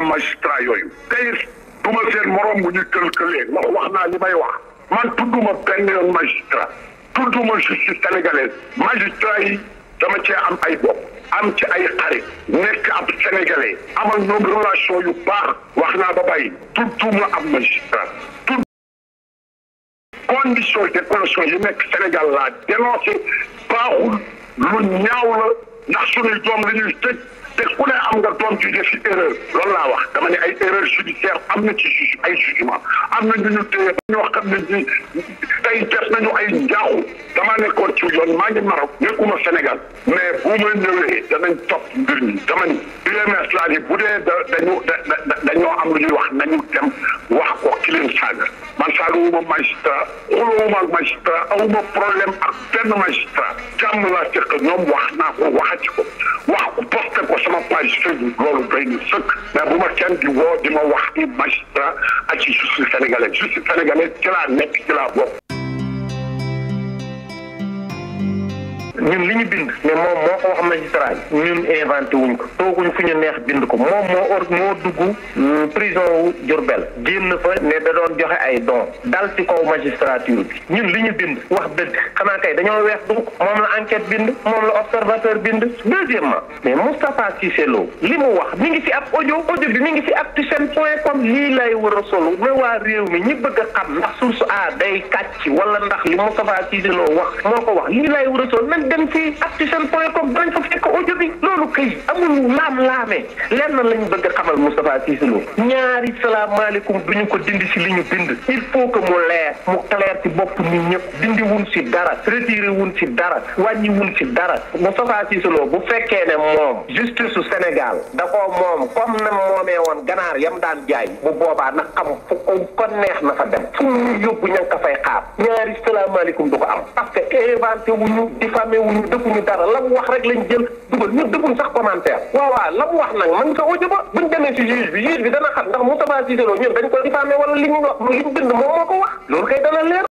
na magistrat yooyu tey du ma seen morom bu ñu këlkëlee ndax wax naa li may wax man tudduma benn yoon magistrat tudduma justice sénégalaise magistrat yi dama cee am ay bopp am ci ay xarit nekk ab sénégalais amal ñoom relation yu baax wax naa ba bàyyi tudduma am magistrat tudd condition de pension yi nekk Sénégal laa dénoncé baaxul lu ñaaw la la erreur ay def nañu ay njaaxu damaa nekkoon ci yoon maa ngi Maroc nekkuma Sénégal mais bu ma ñëwee danañ topp mbir mi dama ni UMS laa ni bu dee da dañu dañoo am lu ñuy wax nañu dem wax ko ki leen saaga man saagawuma magistrat xulowuma ak magistrat awuma problème ak benn magistrat jàmm laa seq ñoom wax naa ko waxati ko wax ko posté ko sama page Facebook loolu doy na sëkk mais bu ma kenn di woo di ma wax ni magistrat ak ci justice sénégalaise justice sénégalaise ci laa nekk ci laa bokk ñun li ñu bind mais moom moo ko wax magistrat ñun inventé ko tooguñ fu ñu neex bind ko moom moo or moo dugg mm, prison wu Diourbel génn fa ne da doon joxe ay don dal ci kaw magistrature bi ñun li ñu bind wax dëgg xanaa kay dañoo weex du moom la enquête bind moom la observateur bind deuxièmement mais Moustapha Cissé Lo li mu wax mu ngi ci ab audio audio bi mu ngi fi Actusen point com lii lay war a solu mais waa réew mi ñi bëgg a xam ndax source a day kàcc wala ndax li Moustapha Cissé Lo a solu dem ci Africell.com danañ fa fekk audio bi loolu kay amul laam-laame lenn lañ bëgg a xamal Moustapha Cissé Lo ñaari salaamaaleykum du ñu ko dindi si li ñu bind il faut que mu leer mu clair ci bopp nit ñëpp dindi wun si dara retiré wun si dara wàññi wun si dara Moustapha Cissé bu fekkee ne moom justice su Sénégal da moom comme na moomee woon ganaar yam daan jaay bu boobaa na xam fu ko neex na fa dem fu ñu yóbbu ña fay xaar ñaari salaamaaleykum du ko am defuñu defuñu dara la mu wax rek lañ jël dugal ñun defuñ sax commentaire waaw waaw la mu wax nag man nga ko audio ba buñ demee si juge bi juge bi dana xam ndax Moustapha Cissé Lo ñun dañ ko diffamé wala li ñu wax li ñu bind moom ko wax loolu kay dana leer